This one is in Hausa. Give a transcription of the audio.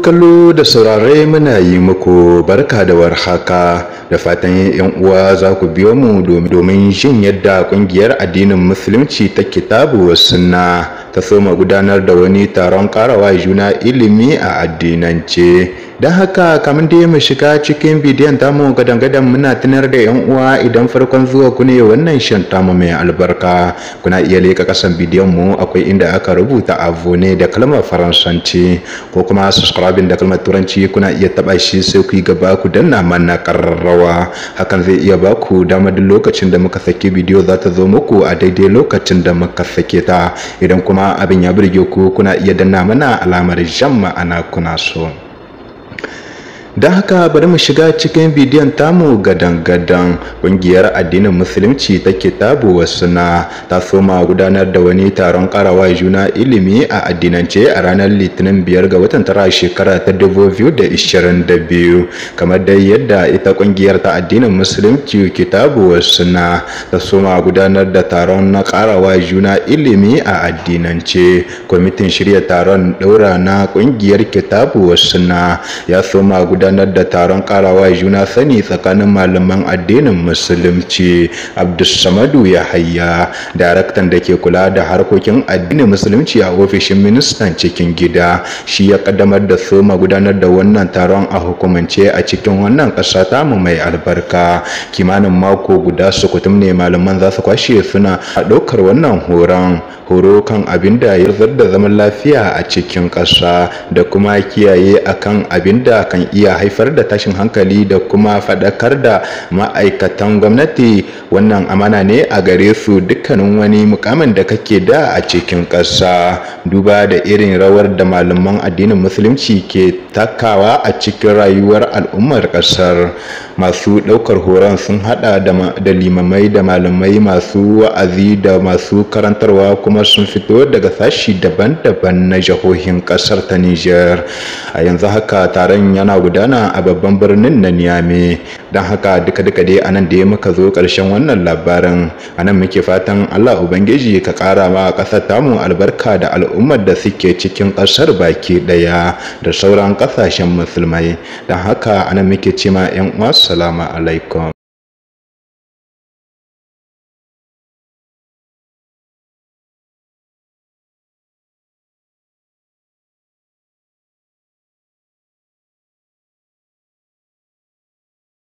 kallo da saurare muna yi muku barka da warhaka da fatan yan uwa za ku biyo mu domin jin yadda kungiyar addinin musulunci ta kitabu wa sunna ta soma gudanar da wani taron karawa juna ilimi a addinance don haka kamar dai mu shiga cikin bidiyon tamu gadan-gadan muna tunar da yan uwa idan farkon zuwa ku ne wannan shan tamu mai albarka kuna iya leka kasan bidiyon mu akwai inda aka rubuta abu ne da kalmar faransanci ko kuma subscribing da kalmar turanci kuna iya taba shi sai ku yi gaba ku danna mana kararrawa hakan zai iya ba ku dama duk lokacin da muka saki bidiyo za ta zo muku a daidai lokacin da muka sake ta idan kuma abin ya burge ku kuna iya danna mana alamar jan ma'ana kuna so. don haka bari mu shiga cikin bidiyon tamu gadan-gadan ƙungiyar addinin musulunci ta kitabu suna ta soma gudanar da wani taron karawa juna ilimi a addinance a ranar litinin biyar ga watan tara shekara ta 2022 kamar dai da ita kungiyar ta addinin musulunci kitabu wa da ta soma gudanar da taron na karawa juna ilimi a addinance kwamitin shirya taron daura na kungiyar kitabu wa ya soma gudanar da taron karawa juna sani tsakanin malaman addinin musulunci abdulsamadu yahaya daraktan da ke kula da harkokin addinin musulunci a ofishin ministan cikin gida shi ya kaddamar da soma gudanar da wannan taron a hukumance a cikin wannan ƙasa tamu mai albarka kimanin mako guda su kutum ne malaman za su kwashe suna A ɗaukar wannan horon horo kan abin da ya da zaman lafiya a cikin ƙasa da kuma kiyaye akan abin da kan iya haifar da tashin hankali da kuma faɗakar da ma'aikatan gwamnati wannan amana ne a gare su dukkanin wani mukamin da kake da a cikin ƙasa duba da irin rawar da malaman addinin musulunci ke takawa a cikin rayuwar al'ummar ƙasa kasar masu daukar horon sun hada da limamai da malamai masu wa'azi da masu karantarwa kuma sun fito daga sashi daban-daban na jihohin kasar ta niger a yanzu haka taron yana gudana a babban birnin na niamey don haka duka duka dai anan da ya muka zo ƙarshen wannan labarin anan muke fatan Allah ubangiji ka ƙara ma ƙasar tamu albarka da al'ummar da suke cikin ƙasar baki ɗaya da sauran ƙasashen musulmai don haka anan muke cema ma 'yan uwa salamu alaikum